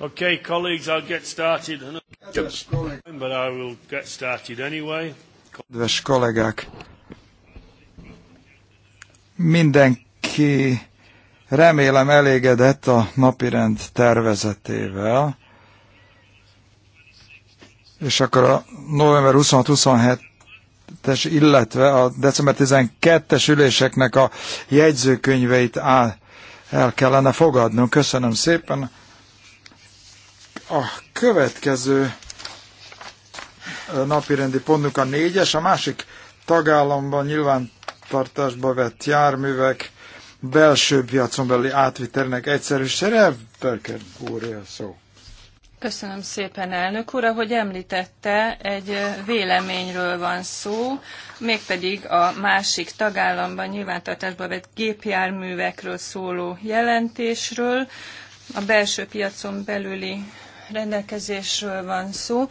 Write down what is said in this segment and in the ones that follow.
Okay, colleagues, I'll get started. But I will get started anyway. Kedves kollégák, mindenki remélem elégedett a napirend tervezetével, és akkor a november 26-27 es illetve a december 12-es üléseknek a jegyzőkönyveit el kellene fogadnunk. Köszönöm szépen. A következő eh, napirendi pontunk a négyes, a másik tagállamban nyilvántartásba vett járművek belső piacon belüli átvitelnek egyszerűsére. Berker úr, szó. Köszönöm szépen, elnök úr. Ahogy említette, egy eh, véleményről van szó, mégpedig a másik tagállamban nyilvántartásba vett gépjárművekről szóló jelentésről, a belső piacon belüli rendelkezésről van szó.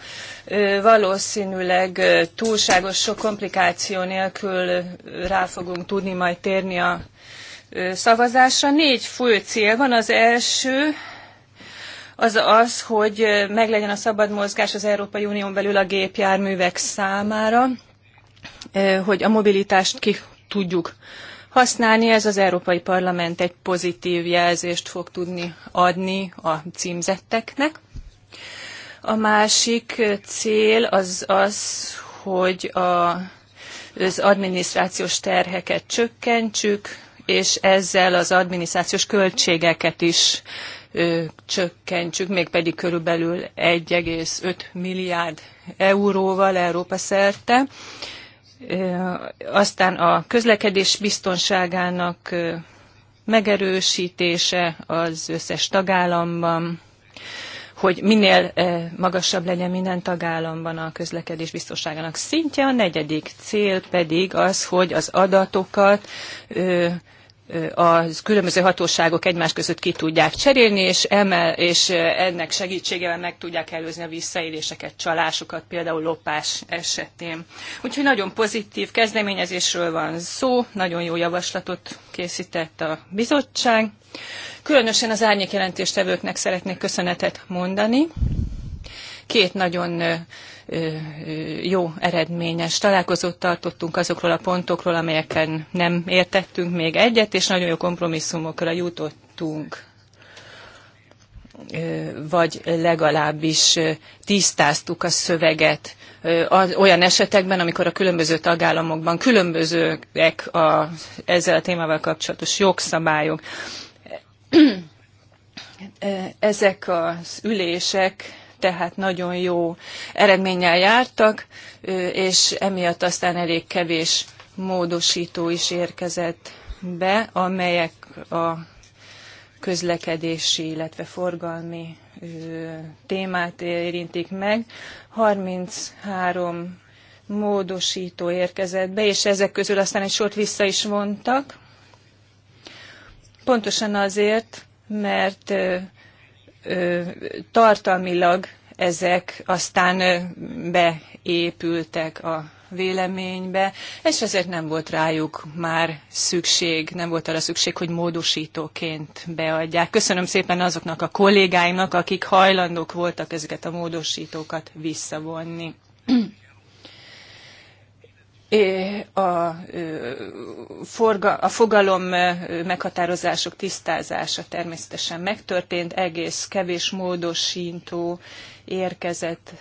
Valószínűleg túlságos sok komplikáció nélkül rá fogunk tudni majd térni a szavazásra. Négy fő cél van. Az első az az, hogy meglegyen a szabad mozgás az Európai Unión belül a gépjárművek számára, hogy a mobilitást ki tudjuk használni. Ez az Európai Parlament egy pozitív jelzést fog tudni adni a címzetteknek. A másik cél az az, hogy a, az adminisztrációs terheket csökkentsük, és ezzel az adminisztrációs költségeket is ö, csökkentsük, mégpedig körülbelül 1,5 milliárd euróval Európa szerte. Ö, aztán a közlekedés biztonságának ö, megerősítése az összes tagállamban, hogy minél eh, magasabb legyen minden tagállamban a közlekedés biztonságának szintje. A negyedik cél pedig az, hogy az adatokat a különböző hatóságok egymás között ki tudják cserélni, és, emel, és ennek segítségével meg tudják előzni a visszaéléseket, csalásokat, például lopás esetén. Úgyhogy nagyon pozitív kezdeményezésről van szó, nagyon jó javaslatot készített a bizottság. Különösen az árnyék jelentéstevőknek szeretnék köszönetet mondani. Két nagyon jó eredményes találkozót tartottunk azokról a pontokról, amelyeken nem értettünk még egyet, és nagyon jó kompromisszumokra jutottunk vagy legalábbis tisztáztuk a szöveget olyan esetekben, amikor a különböző tagállamokban különbözőek a, ezzel a témával kapcsolatos jogszabályok. Ezek az ülések tehát nagyon jó eredménnyel jártak, és emiatt aztán elég kevés módosító is érkezett be, amelyek a közlekedési, illetve forgalmi témát érintik meg. 33 módosító érkezett be, és ezek közül aztán egy sort vissza is vontak. Pontosan azért, mert tartalmilag ezek aztán beépültek a véleménybe, és ezért nem volt rájuk már szükség, nem volt arra szükség, hogy módosítóként beadják. Köszönöm szépen azoknak a kollégáimnak, akik hajlandók voltak ezeket a módosítókat visszavonni a, forga, a fogalom meghatározások tisztázása természetesen megtörtént, egész kevés módosító érkezett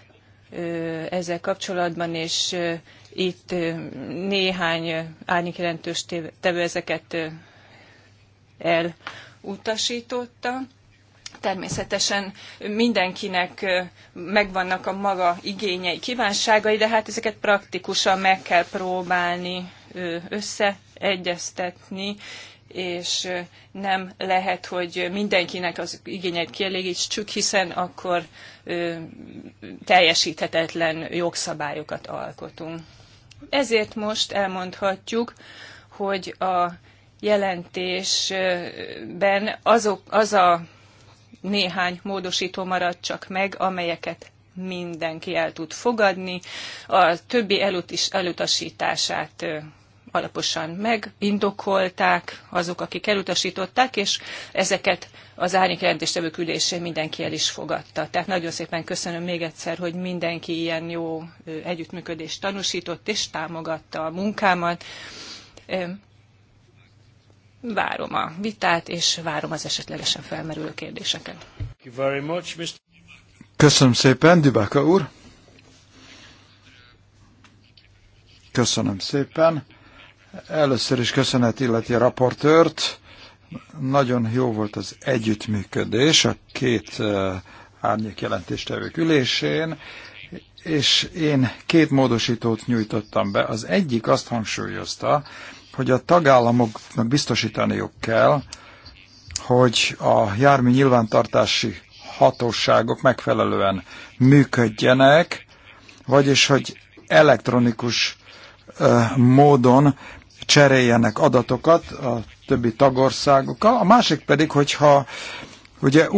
ezzel kapcsolatban, és itt néhány árnyék jelentős tevő ezeket elutasította. Természetesen mindenkinek megvannak a maga igényei, kívánságai, de hát ezeket praktikusan meg kell próbálni összeegyeztetni, és nem lehet, hogy mindenkinek az igényeit kielégítsük, hiszen akkor teljesíthetetlen jogszabályokat alkotunk. Ezért most elmondhatjuk, hogy a jelentésben azok, az a néhány módosító maradt csak meg, amelyeket mindenki el tud fogadni, a többi is elutasítását alaposan megindokolták azok, akik elutasították, és ezeket az árnyék jelentéstevő ülésén mindenki el is fogadta. Tehát nagyon szépen köszönöm még egyszer, hogy mindenki ilyen jó együttműködést tanúsított és támogatta a munkámat várom a vitát, és várom az esetlegesen felmerülő kérdéseket. Köszönöm szépen, Dibáka úr! Köszönöm szépen! Először is köszönet illeti a raportőrt. Nagyon jó volt az együttműködés a két eh, árnyék jelentéstevők ülésén, és én két módosítót nyújtottam be. Az egyik azt hangsúlyozta, hogy a tagállamoknak biztosítaniuk kell, hogy a jármű nyilvántartási hatóságok megfelelően működjenek, vagyis hogy elektronikus módon cseréljenek adatokat a többi tagországokkal. A másik pedig, hogyha ugye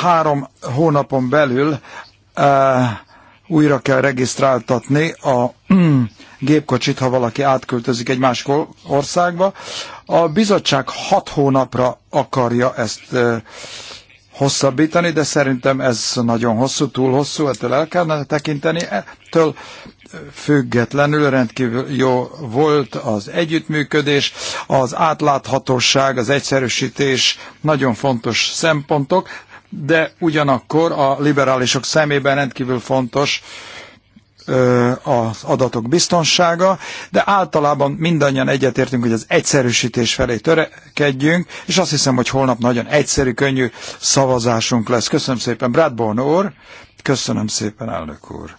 három hónapon belül újra kell regisztráltatni a gépkocsit, ha valaki átköltözik egy másik országba. A bizottság hat hónapra akarja ezt hosszabbítani, de szerintem ez nagyon hosszú, túl hosszú, ettől el kellene tekinteni. Ettől függetlenül rendkívül jó volt az együttműködés, az átláthatóság, az egyszerűsítés nagyon fontos szempontok de ugyanakkor a liberálisok szemében rendkívül fontos az adatok biztonsága, de általában mindannyian egyetértünk, hogy az egyszerűsítés felé törekedjünk, és azt hiszem, hogy holnap nagyon egyszerű, könnyű szavazásunk lesz. Köszönöm szépen, Bradborn úr, köszönöm szépen, elnök úr.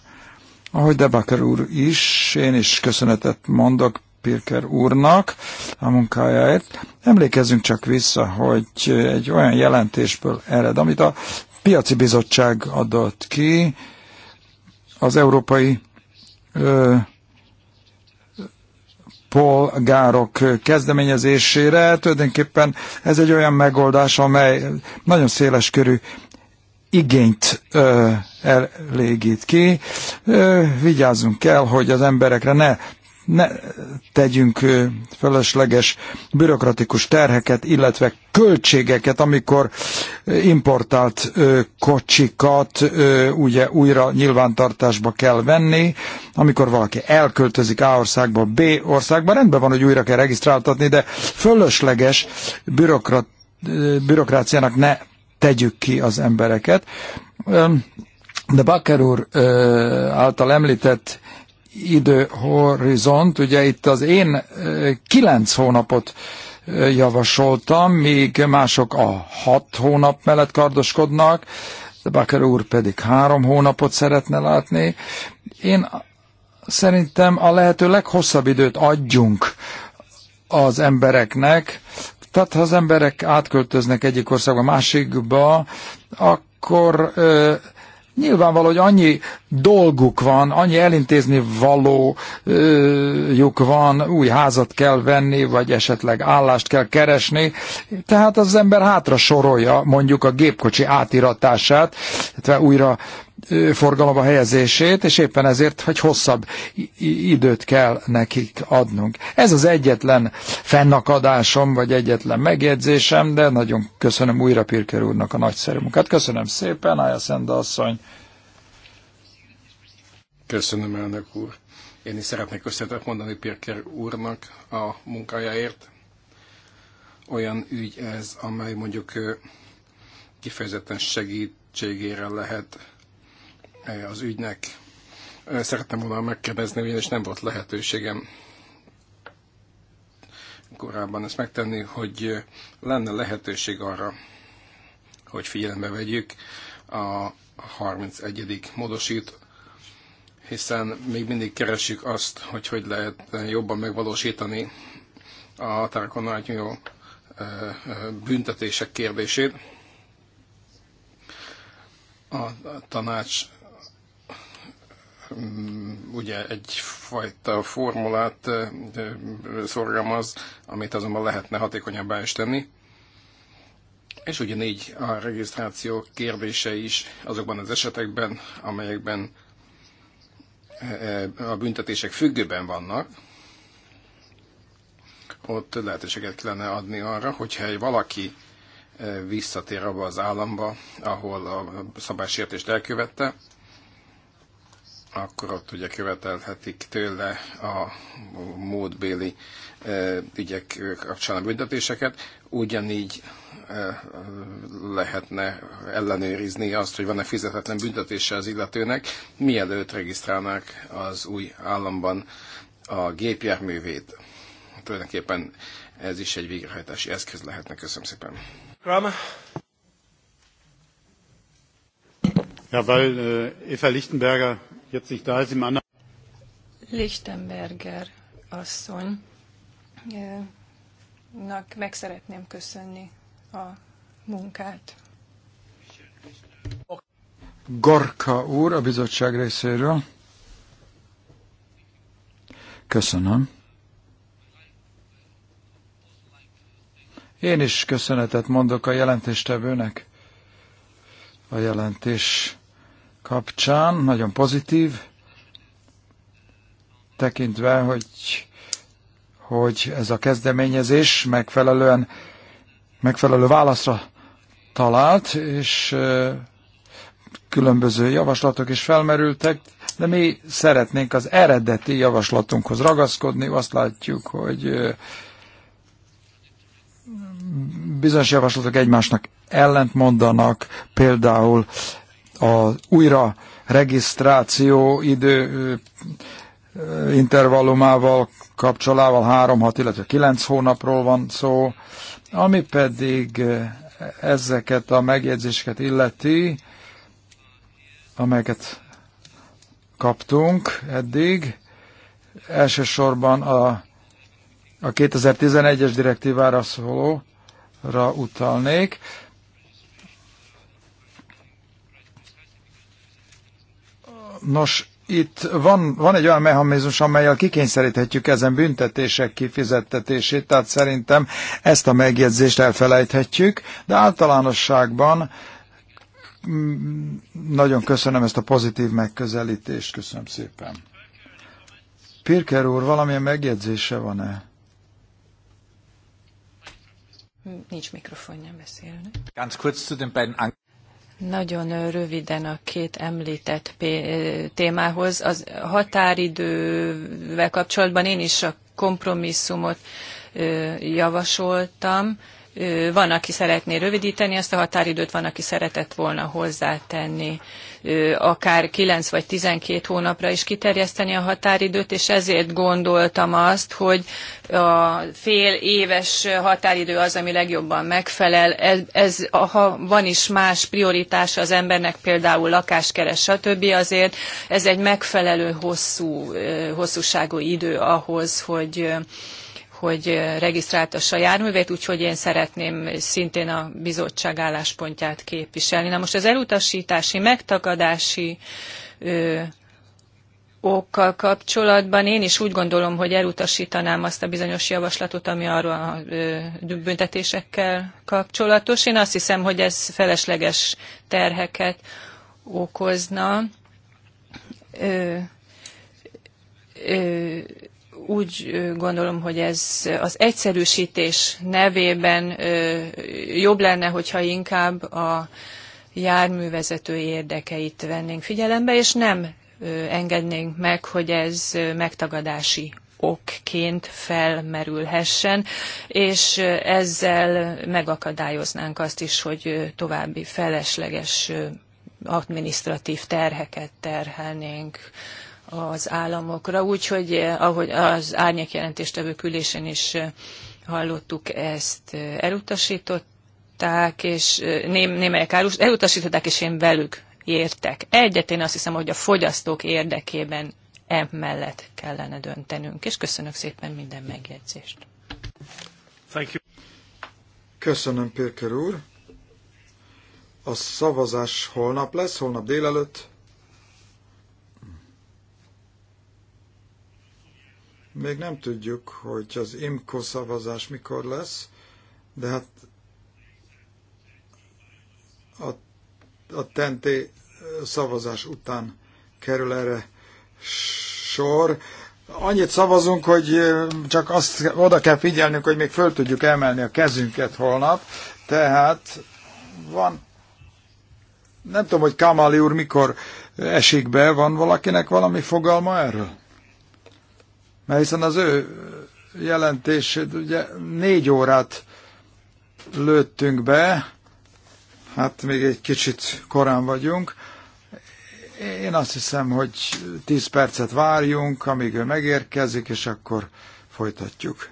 Ahogy Debaker úr is, én is köszönetet mondok Pirker úrnak a munkájáért. Emlékezzünk csak vissza, hogy egy olyan jelentésből ered, amit a piaci bizottság adott ki az európai ö, polgárok kezdeményezésére. Tulajdonképpen ez egy olyan megoldás, amely nagyon széles körű igényt ö, elégít ki. Ö, vigyázzunk kell, hogy az emberekre ne ne tegyünk fölösleges bürokratikus terheket, illetve költségeket, amikor importált kocsikat ugye újra nyilvántartásba kell venni, amikor valaki elköltözik A országba, B országba, rendben van, hogy újra kell regisztráltatni, de fölösleges bürokrat, bürokráciának ne tegyük ki az embereket. De Bakker úr által említett időhorizont. Ugye itt az én eh, kilenc hónapot eh, javasoltam, míg mások a hat hónap mellett kardoskodnak, de Baker úr pedig három hónapot szeretne látni. Én szerintem a lehető leghosszabb időt adjunk az embereknek, tehát ha az emberek átköltöznek egyik országba másikba, akkor eh, Nyilvánvaló, hogy annyi dolguk van, annyi elintézni valójuk van, új házat kell venni, vagy esetleg állást kell keresni, tehát az ember hátra sorolja mondjuk a gépkocsi átiratását, illetve újra forgalomba helyezését, és éppen ezért, hogy hosszabb időt kell nekik adnunk. Ez az egyetlen fennakadásom, vagy egyetlen megjegyzésem, de nagyon köszönöm újra Pirker úrnak a nagyszerű munkát. Köszönöm szépen, Ája Szenda asszony. Köszönöm, elnök úr. Én is szeretnék köszönetet mondani Pirker úrnak a munkájáért. Olyan ügy ez, amely mondjuk kifejezetten segítségére lehet az ügynek. Szerettem volna megkérdezni, és nem volt lehetőségem korábban ezt megtenni, hogy lenne lehetőség arra, hogy figyelembe vegyük a 31. módosít, hiszen még mindig keresjük azt, hogy hogy lehet jobban megvalósítani a határokon átnyúló büntetések kérdését. A tanács Mm, ugye egyfajta formulát szorgalmaz, amit azonban lehetne hatékonyabbá is tenni. És ugye négy a regisztráció kérdése is azokban az esetekben, amelyekben a büntetések függőben vannak, ott lehetőséget kellene adni arra, hogyha valaki visszatér abba az államba, ahol a szabálysértést elkövette, akkor ott ugye követelhetik tőle a módbéli e, ügyek kapcsán a büntetéseket. Ugyanígy e, lehetne ellenőrizni azt, hogy van-e fizetetlen büntetése az illetőnek, mielőtt regisztrálnák az új államban a gépjárművét. Tulajdonképpen ez is egy végrehajtási eszköz lehetne. Köszönöm szépen. Rama. Ja, weil äh, Eva Lichtenberger jetzt nicht da ist, im anderen. Lichtenberger asszony nak meg szeretném köszönni a munkát. Gorka úr a bizottság részéről. Köszönöm. Én is köszönetet mondok a jelentéstevőnek. A jelentés kapcsán, nagyon pozitív, tekintve, hogy, hogy ez a kezdeményezés megfelelően, megfelelő válaszra talált, és különböző javaslatok is felmerültek, de mi szeretnénk az eredeti javaslatunkhoz ragaszkodni, azt látjuk, hogy bizonyos javaslatok egymásnak ellent mondanak, például a újra regisztráció idő intervallumával, kapcsolával 3-6, illetve 9 hónapról van szó, ami pedig ezeket a megjegyzéseket illeti, amelyeket kaptunk eddig. Elsősorban a, a 2011-es direktívára szólóra utalnék. Nos, itt van, van egy olyan mechanizmus, amelyel kikényszeríthetjük ezen büntetések kifizettetését, tehát szerintem ezt a megjegyzést elfelejthetjük, de általánosságban mm, nagyon köszönöm ezt a pozitív megközelítést, köszönöm szépen. Pirker úr, valamilyen megjegyzése van-e? Nincs mikrofonja beszélni. Ganz kurz zu den beiden nagyon röviden a két említett témához. Az határidővel kapcsolatban én is a kompromisszumot javasoltam. Van, aki szeretné rövidíteni ezt a határidőt, van, aki szeretett volna hozzátenni akár 9 vagy 12 hónapra is kiterjeszteni a határidőt, és ezért gondoltam azt, hogy a fél éves határidő az, ami legjobban megfelel. Ez, ez ha van is más prioritása az embernek, például lakáskeres, stb. azért ez egy megfelelő hosszú, hosszúságú idő ahhoz, hogy hogy regisztráltassa a járművét, úgyhogy én szeretném szintén a bizottság álláspontját képviselni. Na most az elutasítási, megtagadási ö, okkal kapcsolatban én is úgy gondolom, hogy elutasítanám azt a bizonyos javaslatot, ami arról a büntetésekkel kapcsolatos. Én azt hiszem, hogy ez felesleges terheket okozna. Ö, ö, úgy gondolom, hogy ez az egyszerűsítés nevében jobb lenne, hogyha inkább a járművezető érdekeit vennénk figyelembe, és nem engednénk meg, hogy ez megtagadási okként felmerülhessen, és ezzel megakadályoznánk azt is, hogy további felesleges administratív terheket terhelnénk az államokra, úgyhogy eh, ahogy az árnyék jelentéstevő ülésen is eh, hallottuk, ezt eh, elutasították, és ném, némelyek elutasították, és én velük értek. Egyet én azt hiszem, hogy a fogyasztók érdekében emellett kellene döntenünk, és köszönök szépen minden megjegyzést. Thank you. Köszönöm, Pirker úr. A szavazás holnap lesz, holnap délelőtt Még nem tudjuk, hogy az IMCO szavazás mikor lesz, de hát a, a tenté szavazás után kerül erre sor. Annyit szavazunk, hogy csak azt oda kell figyelnünk, hogy még föl tudjuk emelni a kezünket holnap. Tehát van, nem tudom, hogy Kamali úr mikor esik be, van valakinek valami fogalma erről? mert hiszen az ő jelentését ugye négy órát lőttünk be, hát még egy kicsit korán vagyunk. Én azt hiszem, hogy tíz percet várjunk, amíg ő megérkezik, és akkor folytatjuk.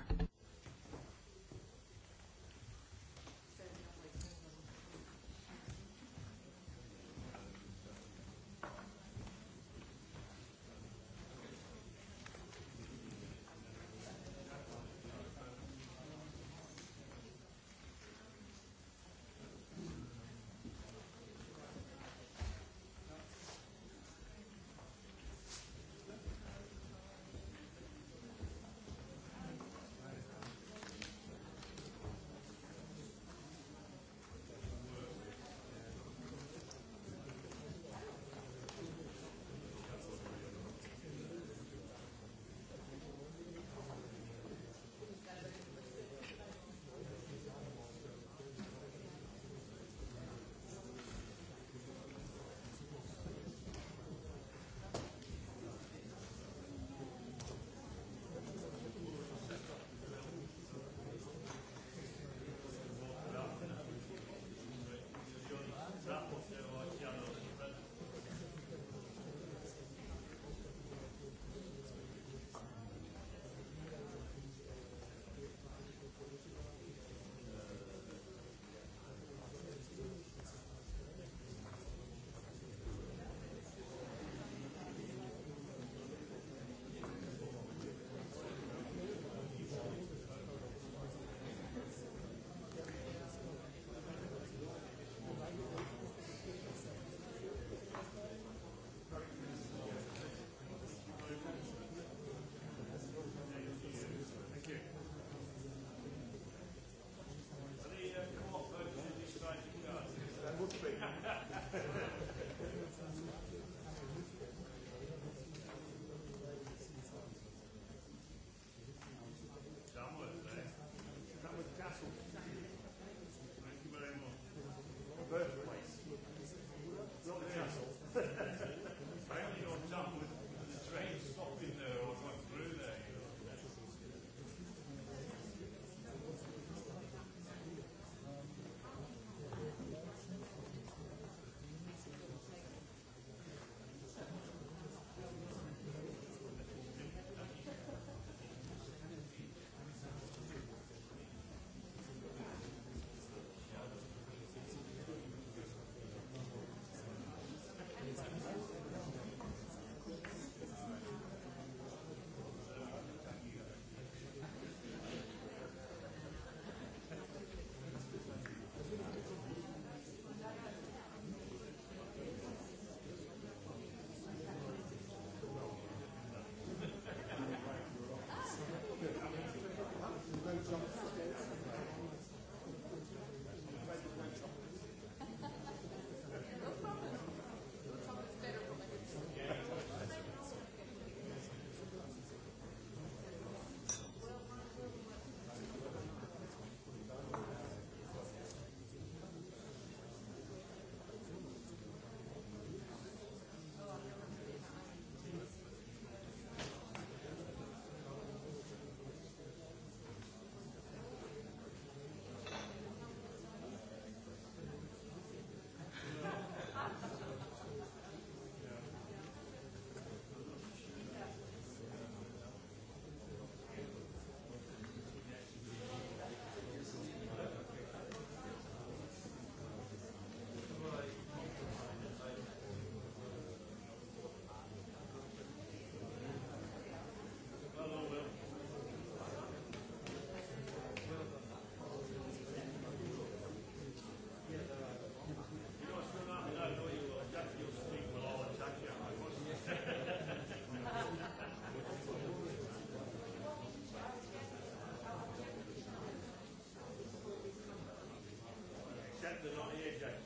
accept the nomination.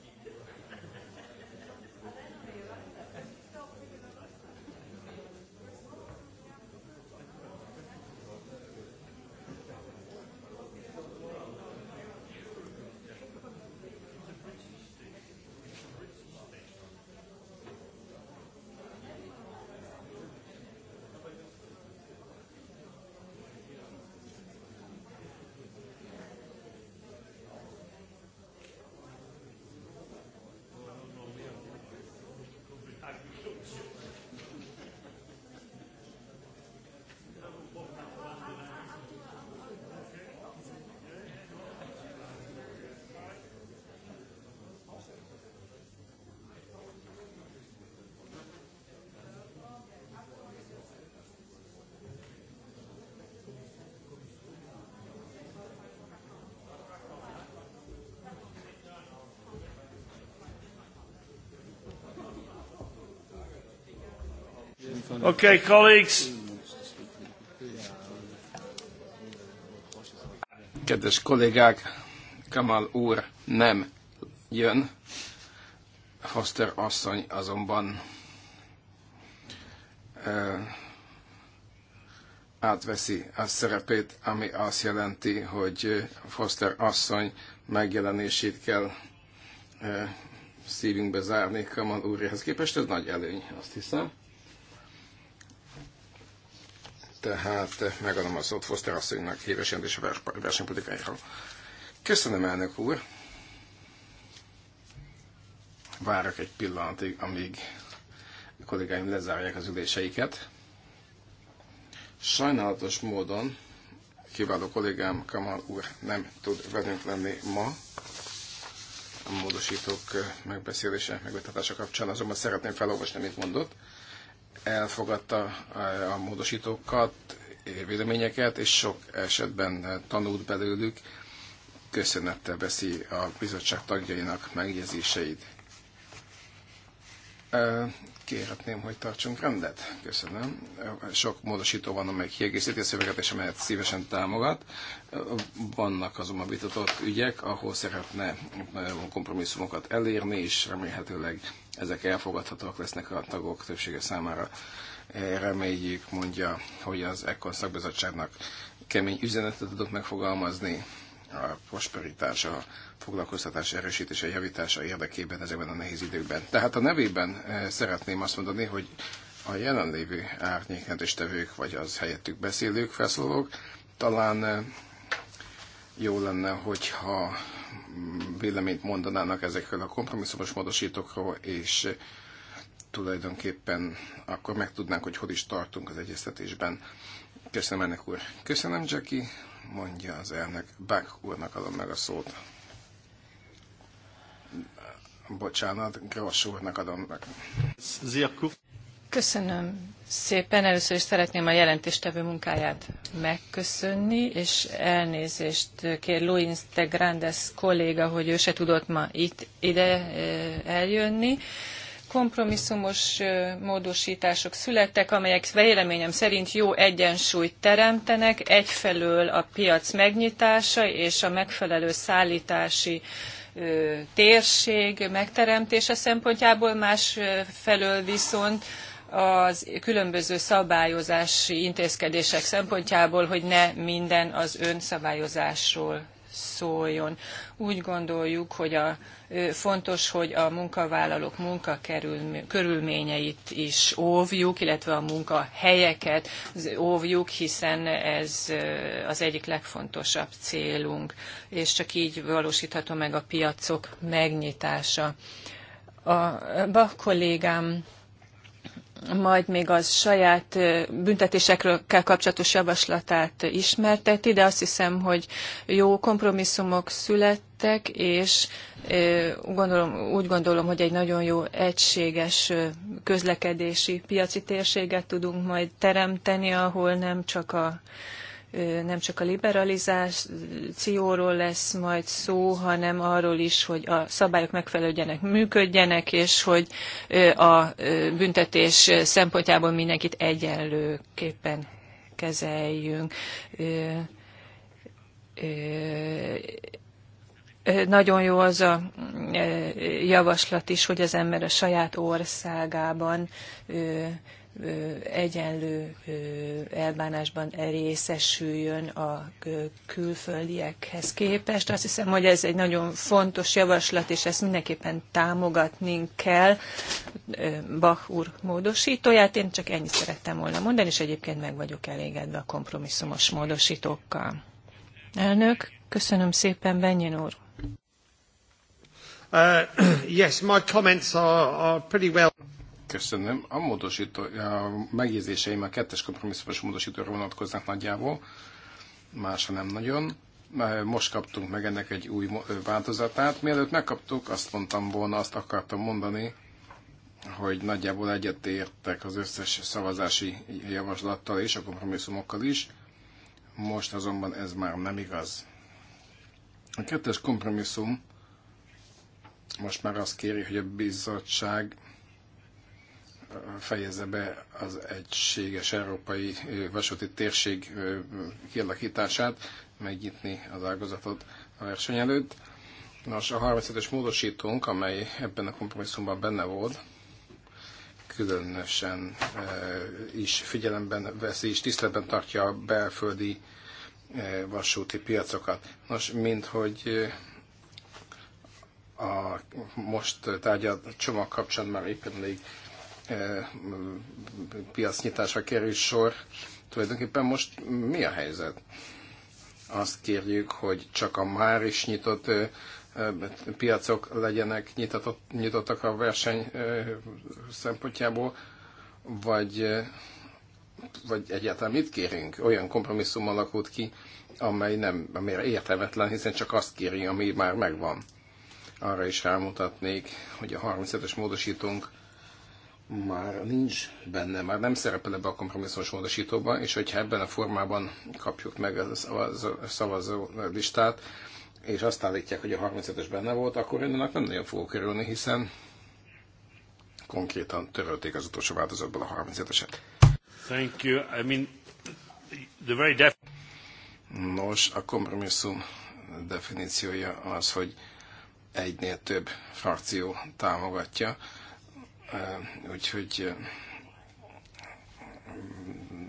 Okay, colleagues. Kedves kollégák, Kamal úr nem jön, Foster asszony azonban ö, átveszi a szerepét, ami azt jelenti, hogy Foster asszony megjelenését kell ö, szívünkbe zárni Kamal úrhez képest, ez nagy előny, azt hiszem tehát megadom a szót Foster asszonynak éves jelentés a versenypolitikájáról. Köszönöm, elnök úr! Várok egy pillanatig, amíg a kollégáim lezárják az üléseiket. Sajnálatos módon kiváló kollégám Kamal úr nem tud velünk lenni ma a módosítók megbeszélése, megvitatása kapcsán, azonban szeretném felolvasni, amit mondott elfogadta eh, a módosítókat, eh, véleményeket, és sok esetben eh, tanult belőlük, köszönettel veszi a bizottság tagjainak megjegyzéseit kérhetném, hogy tartsunk rendet. Köszönöm. Sok módosító van, amely kiegészíti a szöveget, és amelyet szívesen támogat. Vannak azonban vitatott ügyek, ahol szeretne kompromisszumokat elérni, és remélhetőleg ezek elfogadhatóak lesznek a tagok többsége számára. Reméljük, mondja, hogy az Ekkor szakbizottságnak kemény üzenetet tudok megfogalmazni, a prosperitás, a foglalkoztatás erősítése, javítása érdekében ezekben a nehéz időkben. Tehát a nevében eh, szeretném azt mondani, hogy a jelenlévő tevők, vagy az helyettük beszélők, felszólók, talán eh, jó lenne, hogyha véleményt mondanának ezekről a kompromisszumos módosítókról, és eh, tulajdonképpen akkor megtudnánk, hogy hol is tartunk az egyeztetésben. Köszönöm ennek úr. Köszönöm, Jackie mondja az elnök. Bach úrnak adom meg a szót. Bocsánat, Gross úrnak adom meg. Köszönöm szépen. Először is szeretném a jelentéstevő munkáját megköszönni, és elnézést kér Luis de Grandes kolléga, hogy ő se tudott ma itt ide eh, eljönni kompromisszumos módosítások születtek, amelyek véleményem szerint jó egyensúlyt teremtenek, egyfelől a piac megnyitása és a megfelelő szállítási térség megteremtése szempontjából, másfelől viszont az különböző szabályozási intézkedések szempontjából, hogy ne minden az önszabályozásról szóljon. Úgy gondoljuk, hogy a, fontos, hogy a munkavállalók körülményeit is óvjuk, illetve a munkahelyeket óvjuk, hiszen ez az egyik legfontosabb célunk, és csak így valósítható meg a piacok megnyitása. A Bach kollégám majd még az saját büntetésekről kapcsolatos javaslatát ismerteti, de azt hiszem, hogy jó kompromisszumok születtek, és gondolom, úgy gondolom, hogy egy nagyon jó egységes közlekedési piaci térséget tudunk majd teremteni, ahol nem csak a nem csak a liberalizációról lesz majd szó, hanem arról is, hogy a szabályok megfelelőjenek, működjenek, és hogy a büntetés szempontjából mindenkit egyenlőképpen kezeljünk nagyon jó az a javaslat is, hogy az ember a saját országában egyenlő elbánásban részesüljön a külföldiekhez képest. Azt hiszem, hogy ez egy nagyon fontos javaslat, és ezt mindenképpen támogatni kell. Bach úr módosítóját, én csak ennyit szerettem volna mondani, és egyébként meg vagyok elégedve a kompromisszumos módosítókkal. Elnök, köszönöm szépen, Benyen úr. Uh, yes, my comments are, are pretty well... Köszönöm. A, módosító, a megjegyzéseim a kettes kompromisszumos módosítóra vonatkoznak nagyjából, másra nem nagyon. Most kaptunk meg ennek egy új változatát. Mielőtt megkaptuk, azt mondtam volna, azt akartam mondani, hogy nagyjából egyetértek az összes szavazási javaslattal és a kompromisszumokkal is. Most azonban ez már nem igaz. A kettes kompromisszum most már azt kéri, hogy a bizottság fejezze be az egységes európai vasúti térség kialakítását, megnyitni az ágazatot a verseny előtt. Nos, a 35-ös módosítónk, amely ebben a kompromisszumban benne volt, különösen e, is figyelemben veszi, és tiszteletben tartja a belföldi e, vasúti piacokat. Nos, mint hogy a most tárgyalt csomag kapcsán már éppen elég piacnyitásra kerül sor. Tulajdonképpen most mi a helyzet? Azt kérjük, hogy csak a már is nyitott piacok legyenek nyitatott, nyitottak a verseny szempontjából, vagy, vagy egyáltalán mit kérünk? Olyan kompromisszum alakult ki, amely nem, amire értelmetlen, hiszen csak azt kéri, ami már megvan. Arra is rámutatnék, hogy a 35-ös módosítónk már nincs benne, már nem szerepel ebbe a kompromisszumos módosítóba, és hogyha ebben a formában kapjuk meg a szavazó, listát, és azt állítják, hogy a 35-ös benne volt, akkor én ennek nem nagyon fogok kerülni, hiszen konkrétan törölték az utolsó változatból a 35-eset. Thank you. I mean, the very def- Nos, a kompromisszum definíciója az, hogy egynél több frakció támogatja Úgyhogy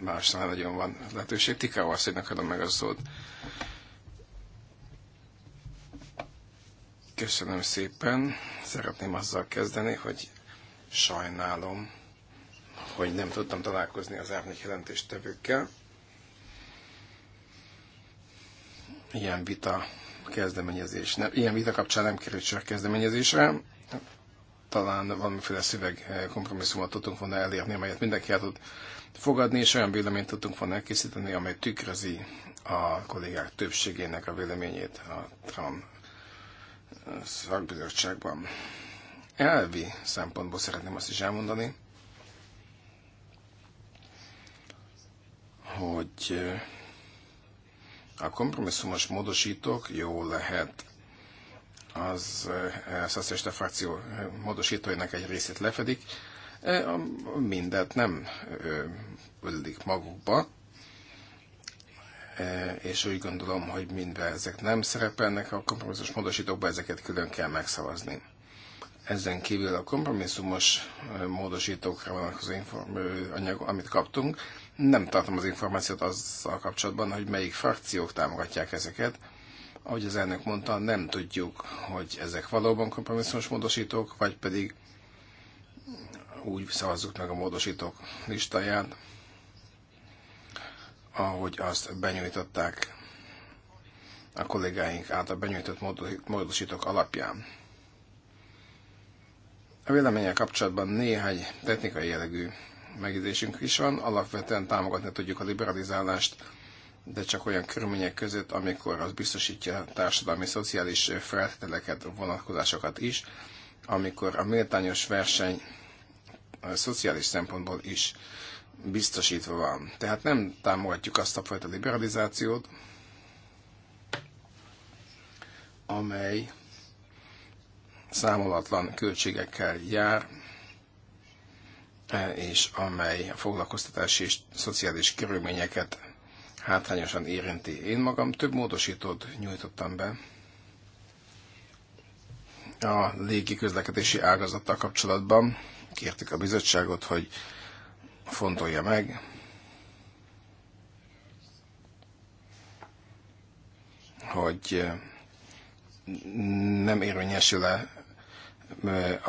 más nem nagyon van lehetőség. Tikával hogy adom meg a szót. Köszönöm szépen. Szeretném azzal kezdeni, hogy sajnálom, hogy nem tudtam találkozni az árnyék jelentéstevőkkel. Ilyen vita kezdeményezés. Nem, ilyen vita kapcsán nem került sor kezdeményezésre talán valamiféle szöveg eh, kompromisszumot tudtunk volna elérni, amelyet mindenki el tud fogadni, és olyan véleményt tudtunk volna elkészíteni, amely tükrözi a kollégák többségének a véleményét a Trump eh, szakbizottságban. Elvi szempontból szeretném azt is elmondani, hogy eh, a kompromisszumos módosítók jó lehet az eh, szocialista frakció eh, módosítóinak egy részét lefedik, eh, mindet nem ölik magukba, és úgy gondolom, hogy mindben ezek nem szerepelnek a kompromisszus módosítókba, ezeket külön kell megszavazni. Ezen kívül a kompromisszumos módosítókra vonatkozó anyag, amit kaptunk, nem tartom az információt azzal kapcsolatban, hogy melyik frakciók támogatják ezeket, ahogy az elnök mondta, nem tudjuk, hogy ezek valóban kompromisszumos módosítók, vagy pedig úgy szavazzuk meg a módosítók listáját, ahogy azt benyújtották a kollégáink által benyújtott módosítók alapján. A véleménye kapcsolatban néhány technikai jellegű megjegyzésünk is van, alapvetően támogatni tudjuk a liberalizálást, de csak olyan körülmények között, amikor az biztosítja társadalmi-szociális feltételeket, vonatkozásokat is, amikor a méltányos verseny a szociális szempontból is biztosítva van. Tehát nem támogatjuk azt a fajta liberalizációt, amely számolatlan költségekkel jár, és amely a foglalkoztatási és szociális körülményeket hátrányosan érinti. Én magam több módosítót nyújtottam be a légi közlekedési ágazattal kapcsolatban. Kértük a bizottságot, hogy fontolja meg, hogy nem érvényesül-e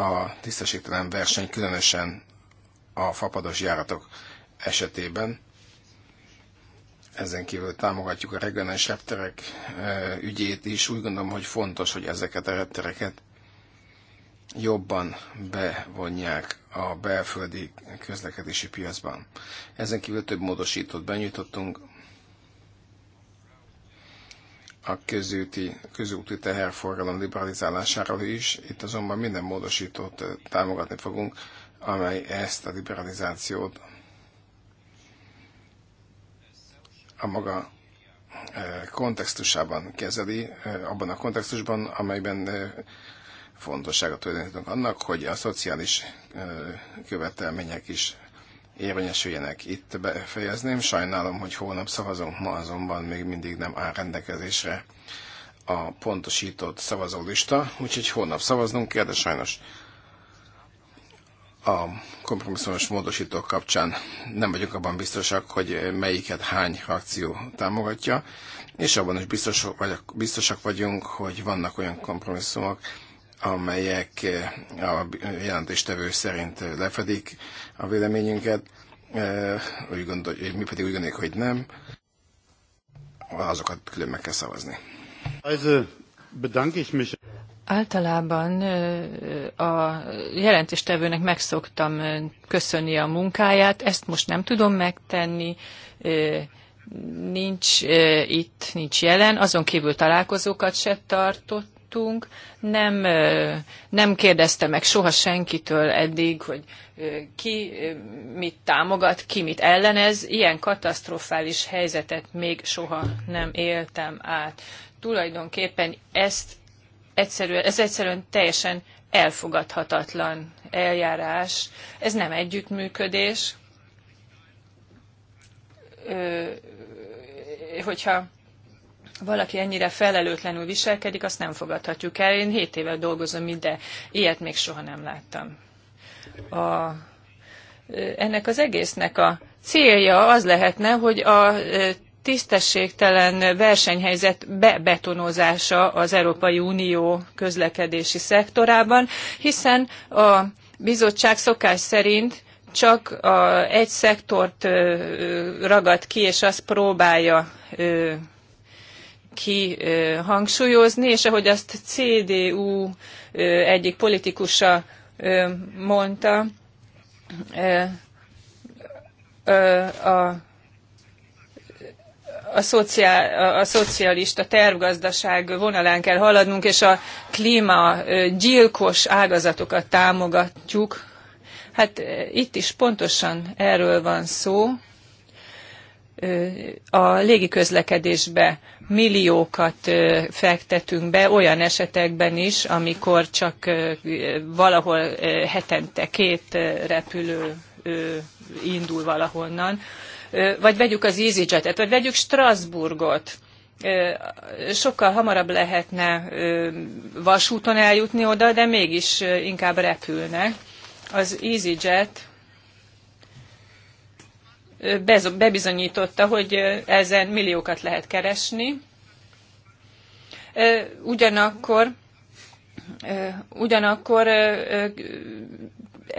a tisztességtelen verseny, különösen a fapados járatok esetében ezen kívül támogatjuk a regionális repterek e, ügyét is. Úgy gondolom, hogy fontos, hogy ezeket a reptereket jobban bevonják a belföldi közlekedési piacban. Ezen kívül több módosítót benyújtottunk. A közúti, közúti teherforgalom liberalizálásáról is. Itt azonban minden módosítót e, támogatni fogunk, amely ezt a liberalizációt a maga e, kontextusában kezeli, e, abban a kontextusban, amelyben e, fontosságot tulajdonítunk annak, hogy a szociális követelmények is érvényesüljenek. Itt befejezném. Sajnálom, hogy holnap szavazunk, ma azonban még mindig nem áll rendelkezésre a pontosított szavazólista, úgyhogy holnap szavaznunk kell, de sajnos a kompromisszumos módosítók kapcsán nem vagyok abban biztosak, hogy melyiket hány frakció támogatja, és abban is biztosak, vagy, biztosak vagyunk, hogy vannak olyan kompromisszumok, amelyek a jelentéstevő szerint lefedik a véleményünket, e, úgy gondol, mi pedig úgy gondoljuk, hogy nem, azokat külön meg kell szavazni. Also bedanke ich mich. Általában a jelentéstevőnek megszoktam köszönni a munkáját, ezt most nem tudom megtenni, nincs itt, nincs jelen, azon kívül találkozókat se tartottunk, nem, nem kérdezte meg soha senkitől eddig, hogy ki mit támogat, ki mit ellenez. Ilyen katasztrofális helyzetet még soha nem éltem át. Tulajdonképpen ezt egyszerűen, ez egyszerűen teljesen elfogadhatatlan eljárás. Ez nem együttműködés. Ö, hogyha valaki ennyire felelőtlenül viselkedik, azt nem fogadhatjuk el. Én 7 éve dolgozom de ilyet még soha nem láttam. A, ennek az egésznek a célja az lehetne, hogy a tisztességtelen versenyhelyzet bebetonozása az Európai Unió közlekedési szektorában, hiszen a bizottság szokás szerint csak a, egy szektort ragad ki, és azt próbálja kihangsúlyozni, és ahogy azt CDU egyik politikusa mondta, a a, szociál, a szocialista tervgazdaság vonalán kell haladnunk, és a klíma gyilkos ágazatokat támogatjuk. Hát itt is pontosan erről van szó. A légiközlekedésbe milliókat fektetünk be olyan esetekben is, amikor csak valahol hetente két repülő indul valahonnan vagy vegyük az EasyJet-et, vagy vegyük Strasbourgot. Sokkal hamarabb lehetne vasúton eljutni oda, de mégis inkább repülnek. Az EasyJet bebizonyította, hogy ezen milliókat lehet keresni. Ugyanakkor ugyanakkor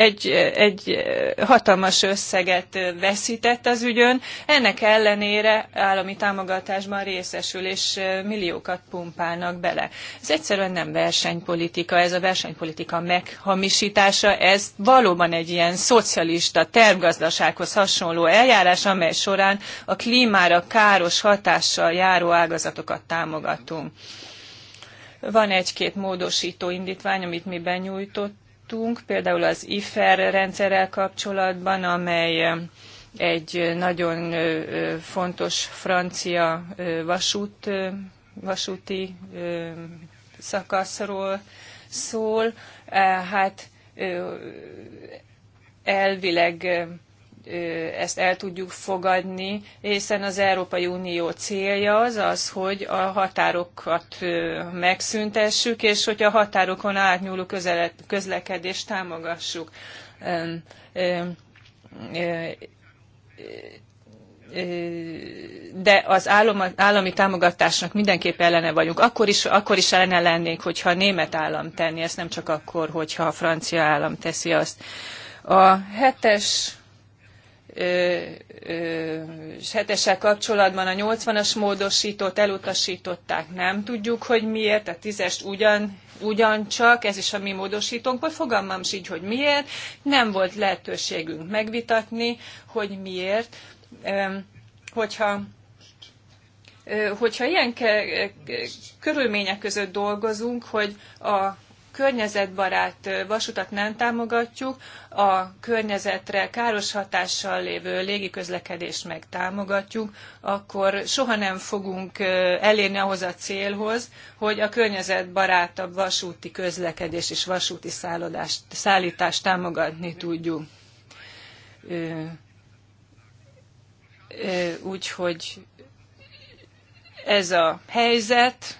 egy, egy hatalmas összeget veszített az ügyön. Ennek ellenére állami támogatásban részesül, és milliókat pumpálnak bele. Ez egyszerűen nem versenypolitika, ez a versenypolitika meghamisítása, ez valóban egy ilyen szocialista tervgazdasághoz hasonló eljárás, amely során a klímára káros hatással járó ágazatokat támogatunk. Van egy-két módosító indítvány, amit mi benyújtott, hallottunk, például az IFER rendszerrel kapcsolatban, amely egy nagyon fontos francia vasút, vasúti szakaszról szól. Hát elvileg ezt el tudjuk fogadni, hiszen az Európai Unió célja az az, hogy a határokat megszüntessük, és hogy a határokon átnyúló közlekedést támogassuk de az állami támogatásnak mindenképp ellene vagyunk. Akkor is, akkor is ellene lennénk, hogyha a német állam tenni, ezt nem csak akkor, hogyha a francia állam teszi azt. A hetes hetessel kapcsolatban a 80-as módosítót elutasították, nem tudjuk, hogy miért, a 10-est ugyan, ugyancsak, ez is a mi módosítónk volt, fogalmam sincs, hogy miért, nem volt lehetőségünk megvitatni, hogy miért, hogyha hogyha ilyen körülmények között dolgozunk, hogy a környezetbarát vasutat nem támogatjuk, a környezetre káros hatással lévő légiközlekedést meg támogatjuk, akkor soha nem fogunk elérni ahhoz a célhoz, hogy a környezetbarátabb vasúti közlekedés és vasúti szállodást, szállítást támogatni tudjuk. Úgyhogy ez a helyzet,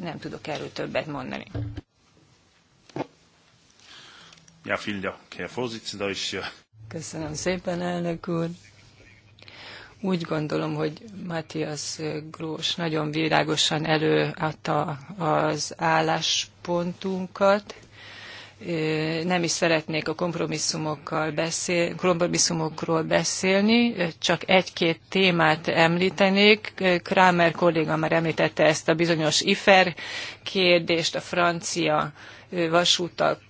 nem tudok erről többet mondani. Ja, vielen Dank, äh, Köszönöm szépen, elnök úr. Úgy gondolom, hogy Matthias Grós nagyon világosan előadta az álláspontunkat nem is szeretnék a kompromisszumokkal beszél, kompromisszumokról beszélni, csak egy-két témát említenék. Kramer kolléga már említette ezt a bizonyos IFER kérdést, a francia vasúttal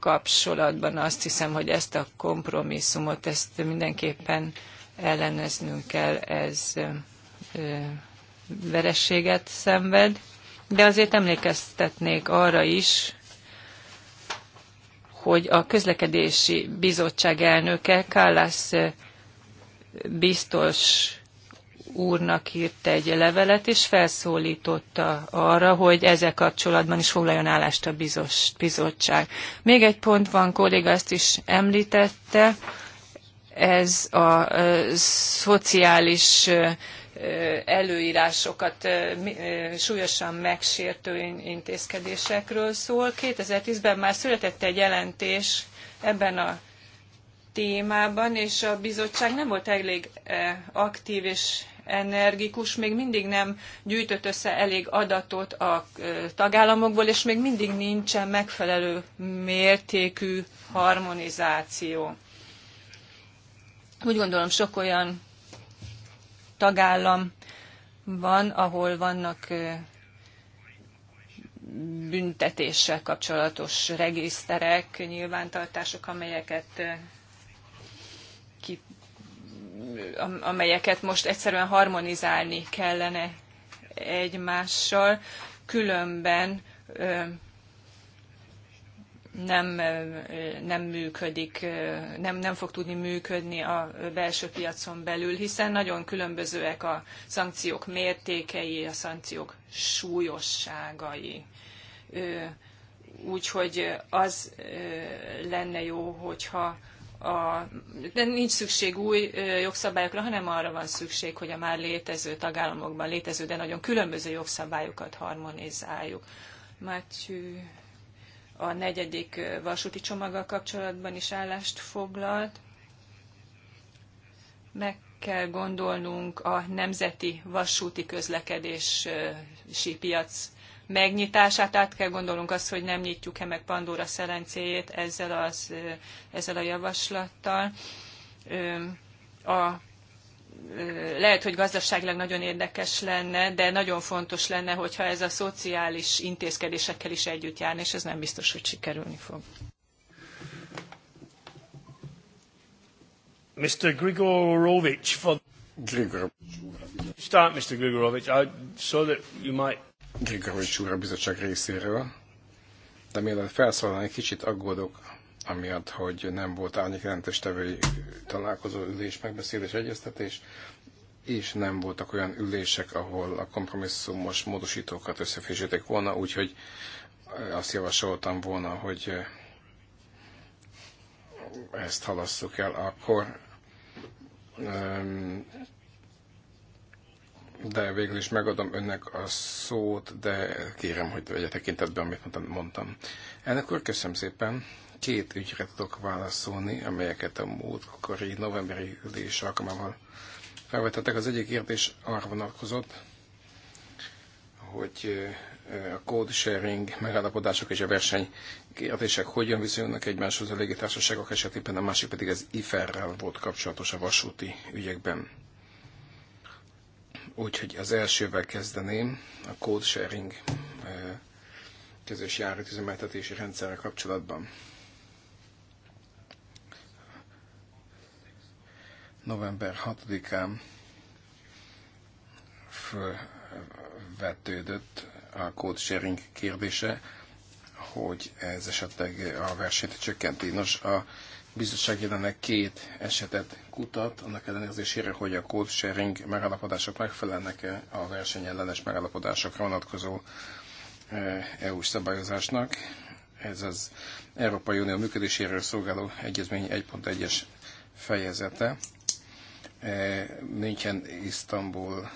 kapcsolatban azt hiszem, hogy ezt a kompromisszumot, ezt mindenképpen elleneznünk kell, ez vereséget szenved. De azért emlékeztetnék arra is, hogy a közlekedési bizottság elnöke Kállász eh, biztos úrnak írt egy levelet, és felszólította arra, hogy ezzel kapcsolatban is foglaljon állást a bizos, bizottság. Még egy pont van, kolléga ezt is említette, ez a eh, szociális eh, előírásokat súlyosan megsértő intézkedésekről szól. 2010-ben már született egy jelentés ebben a témában, és a bizottság nem volt elég aktív és energikus, még mindig nem gyűjtött össze elég adatot a tagállamokból, és még mindig nincsen megfelelő mértékű harmonizáció. Úgy gondolom, sok olyan tagállam van, ahol vannak büntetéssel kapcsolatos regiszterek, nyilvántartások, amelyeket ki, amelyeket most egyszerűen harmonizálni kellene egymással, különben nem, nem működik, nem, nem fog tudni működni a belső piacon belül, hiszen nagyon különbözőek a szankciók mértékei, a szankciók súlyosságai. Úgyhogy az lenne jó, hogyha a, de nincs szükség új jogszabályokra, hanem arra van szükség, hogy a már létező tagállamokban létező, de nagyon különböző jogszabályokat harmonizáljuk. Mátyő a negyedik vasúti csomaggal kapcsolatban is állást foglalt. Meg kell gondolnunk a nemzeti vasúti közlekedési piac megnyitását, át kell gondolnunk azt, hogy nem nyitjuk-e meg Pandora szerencéjét ezzel, az, ezzel a javaslattal. A lehet, hogy gazdaságilag nagyon érdekes lenne, de nagyon fontos lenne, hogyha ez a szociális intézkedésekkel is együtt járna, és ez nem biztos, hogy sikerülni fog. Mr. Grigorovic for Grigor. Start, Mr. Grigorovic. I saw that you might... Grigorovic úr a bizottság részéről, de mielőtt felszólalni, kicsit aggódok amiatt, hogy nem volt tevői találkozó ülés, megbeszélés, egyeztetés, és nem voltak olyan ülések, ahol a kompromisszumos módosítókat összefésítették volna, úgyhogy eh, azt javasoltam volna, hogy eh, ezt halasszuk el akkor. Ehm, de végül is megadom önnek a szót, de kérem, hogy vegye tekintetbe, amit mondtam. Ennek úr, köszönöm szépen. Két ügyre tudok válaszolni, amelyeket a múltkori novemberi ülés alkalmával felvetettek. Az egyik kérdés arra vonatkozott, hogy a code sharing megállapodások és a verseny kérdések hogyan viszonyulnak egymáshoz a légitársaságok esetében, a másik pedig az IFER-rel volt kapcsolatos a vasúti ügyekben. Úgyhogy az elsővel kezdeném, a code sharing közös járatüzemeltetési rendszerrel kapcsolatban. november 6-án fölvetődött a code sharing kérdése, hogy ez esetleg a versenyt csökkenti. Nos, a bizottság jelenleg két esetet kutat, annak ellenőrzésére, hogy a code sharing megállapodások megfelelnek-e a versenyellenes megállapodásokra vonatkozó e, EU-s szabályozásnak. Ez az Európai Unió működéséről szolgáló egyezmény 1.1-es fejezete. Eh, München, Isztambul,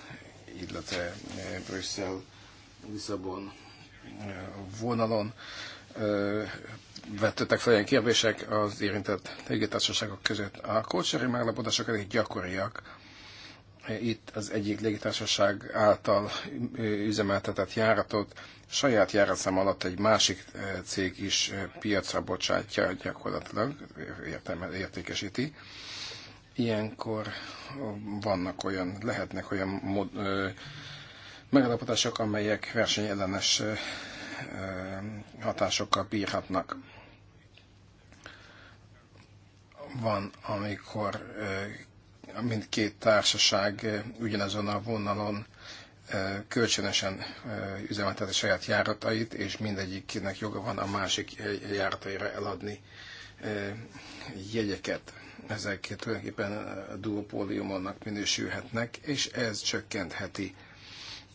illetve eh, Brüsszel, Lisszabon eh, vonalon vettetek fel ilyen kérdések az érintett légitársaságok között. A kócseri megállapodások elég gyakoriak. Itt az egyik légitársaság által üzemeltetett járatot saját járatszám alatt egy másik cég is piacra bocsátja gyakorlatilag, értelme, értékesíti Ilyenkor vannak olyan, lehetnek olyan mod, ö, megalapodások, amelyek versenyellenes hatásokkal bírhatnak. Van, amikor ö, mindkét társaság ugyanazon a vonalon kölcsönösen üzemelteti saját járatait, és mindegyiknek joga van a másik járataira eladni jegyeket ezek tulajdonképpen duopóliumonnak minősülhetnek, és ez csökkentheti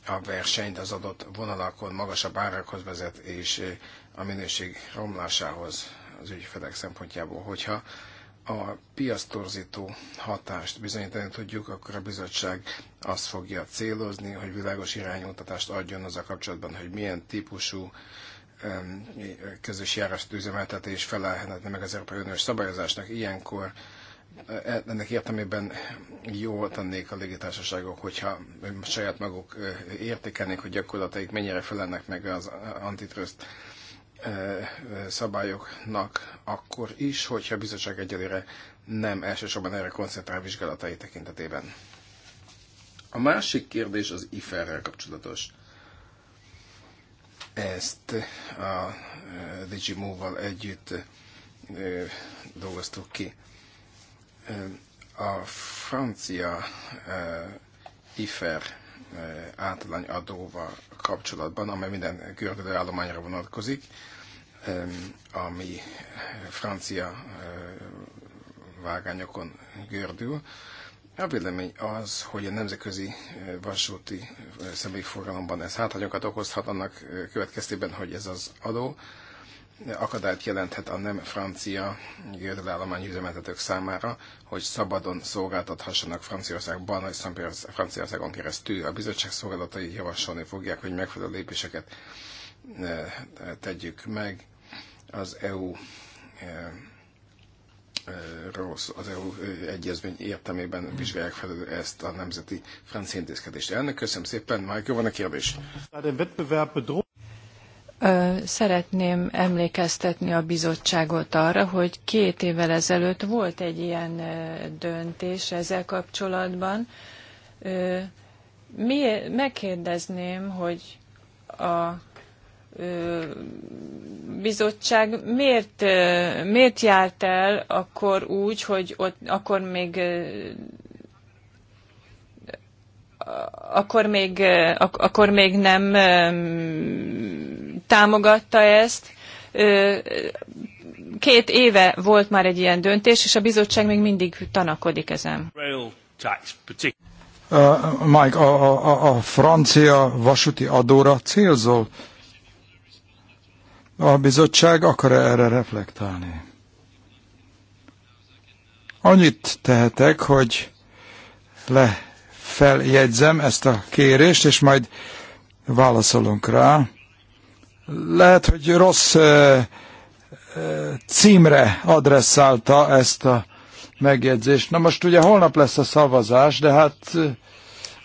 a versenyt az adott vonalakon, magasabb árakhoz vezet, és eh, a minőség romlásához az ügyfelek szempontjából. Hogyha a piasztorzító hatást bizonyítani tudjuk, akkor a bizottság azt fogja célozni, hogy világos iránymutatást adjon az a kapcsolatban, hogy milyen típusú közös járást üzemeltetés felelhetne meg az Európai Uniós szabályozásnak. Ilyenkor E, ennek értelmében jó tennék a légitársaságok, hogyha saját maguk e, értékelnék, hogy gyakorlataik mennyire felelnek meg az antitrust e, szabályoknak, akkor is, hogyha a bizottság egyelőre nem elsősorban erre koncentrál vizsgálatai tekintetében. A másik kérdés az IFER-rel kapcsolatos. Ezt a DigiMove-val együtt dolgoztuk ki. A francia IFER adóval kapcsolatban, amely minden gördülő állományra vonatkozik, ami francia vágányokon gördül. A vélemény az, hogy a nemzetközi vasúti személyforgalomban ez hátrányokat okozhat annak következtében, hogy ez az adó akadályt jelenthet a nem francia jövedelállomány üzemeltetők számára, hogy szabadon szolgáltathassanak Franciaországban, vagy Franciaországon keresztül. A bizottság szolgálatai javasolni fogják, hogy megfelelő lépéseket e, tegyük meg az EU e, e, rossz, az EU egyezmény értelmében vizsgálják fel ezt a nemzeti francia intézkedést. Elnök, köszönöm szépen, Márk, jó van a kérdés. Szeretném emlékeztetni a bizottságot arra, hogy két évvel ezelőtt volt egy ilyen döntés ezzel kapcsolatban. megkérdezném, hogy a bizottság miért, miért járt el akkor úgy, hogy ott, akkor még akkor még, ak- akkor még nem támogatta ezt. Két éve volt már egy ilyen döntés, és a bizottság még mindig tanakodik ezen. Uh, Mike, a, a, a francia vasúti adóra célzol? A bizottság akar -e erre reflektálni? Annyit tehetek, hogy le feljegyzem ezt a kérést, és majd válaszolunk rá. Lehet, hogy rossz címre adresszálta ezt a megjegyzést. Na most ugye holnap lesz a szavazás, de hát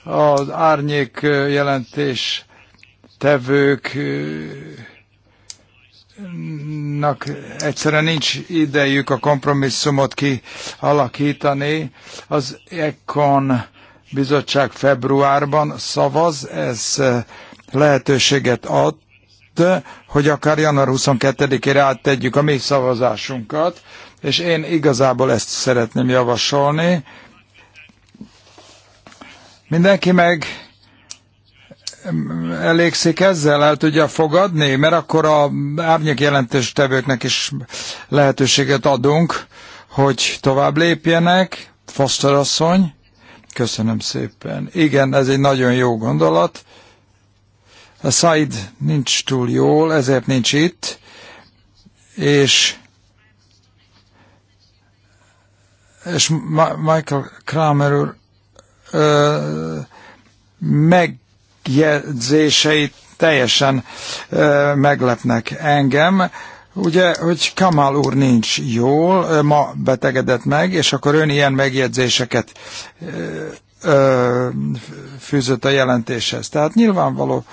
az árnyék jelentés tevők nak egyszerűen nincs idejük a kompromisszumot kialakítani. Az Econ bizottság februárban szavaz, ez lehetőséget ad, hogy akár január 22-ére áttegyük a mi szavazásunkat, és én igazából ezt szeretném javasolni. Mindenki meg elégszik ezzel, el tudja fogadni, mert akkor a árnyék jelentős tevőknek is lehetőséget adunk, hogy tovább lépjenek. Foster asszony. Köszönöm szépen. Igen, ez egy nagyon jó gondolat. A Said nincs túl jól, ezért nincs itt, és és Michael Kramer úr ö, megjegyzéseit teljesen ö, meglepnek engem. Ugye, hogy Kamal úr nincs jól, ma betegedett meg, és akkor ön ilyen megjegyzéseket ö, ö, fűzött a jelentéshez. Tehát nyilvánvaló,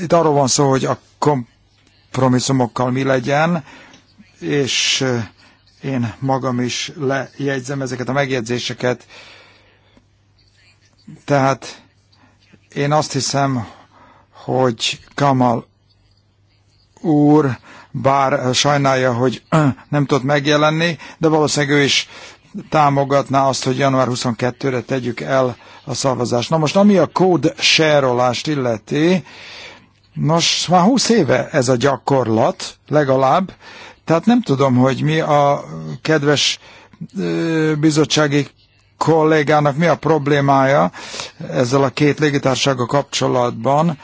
itt arról van szó, hogy a kompromisszumokkal mi legyen, és én magam is lejegyzem ezeket a megjegyzéseket. Tehát én azt hiszem, hogy Kamal úr bár sajnálja, hogy nem tudott megjelenni, de valószínűleg ő is támogatná azt, hogy január 22-re tegyük el a szavazást. Na most, ami a kód sárolást illeti, nos, már 20 éve ez a gyakorlat, legalább, tehát nem tudom, hogy mi a kedves bizottsági kollégának mi a problémája ezzel a két légitársága kapcsolatban,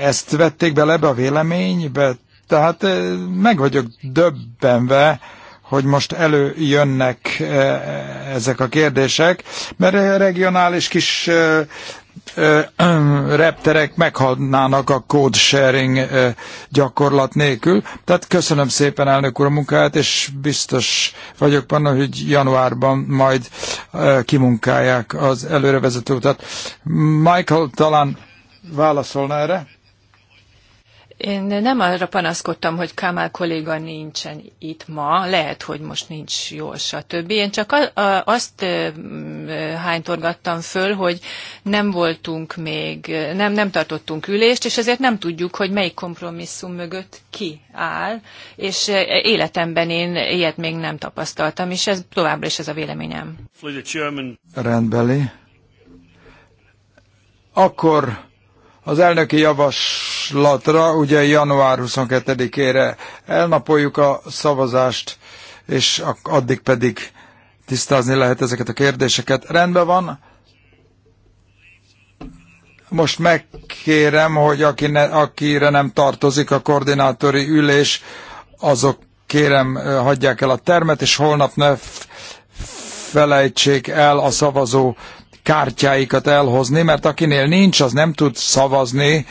ezt vették bele ebbe a véleménybe, tehát eh, meg vagyok döbbenve, hogy most előjönnek eh, ezek a kérdések, mert regionális kis eh, repterek meghalnának a code sharing gyakorlat nélkül. Tehát köszönöm szépen elnök úr a munkáját, és biztos vagyok benne, hogy januárban majd kimunkálják az előrevezető utat. Michael talán válaszolna erre? Én nem arra panaszkodtam, hogy Kamal kolléga nincsen itt ma, lehet, hogy most nincs jól, stb. Én csak azt hánytorgattam föl, hogy nem voltunk még, nem, nem tartottunk ülést, és ezért nem tudjuk, hogy melyik kompromisszum mögött ki áll, és életemben én ilyet még nem tapasztaltam, és ez továbbra is ez a véleményem. Rendbeli. Akkor az elnöki javaslatra ugye január 22-ére elnapoljuk a szavazást, és addig pedig tisztázni lehet ezeket a kérdéseket. Rendben van. Most megkérem, hogy aki ne, akire nem tartozik a koordinátori ülés, azok kérem hagyják el a termet, és holnap ne felejtsék el a szavazó kártyáikat elhozni, mert akinél nincs, az nem tud szavazni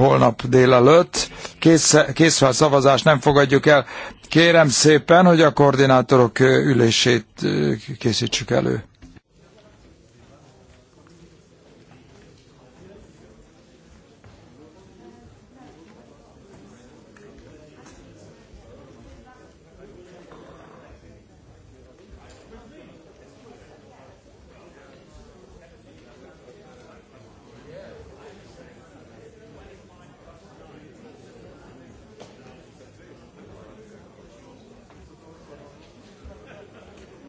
holnap délelőtt. Kész, készfel szavazás nem fogadjuk el. Kérem szépen, hogy a koordinátorok ülését készítsük elő.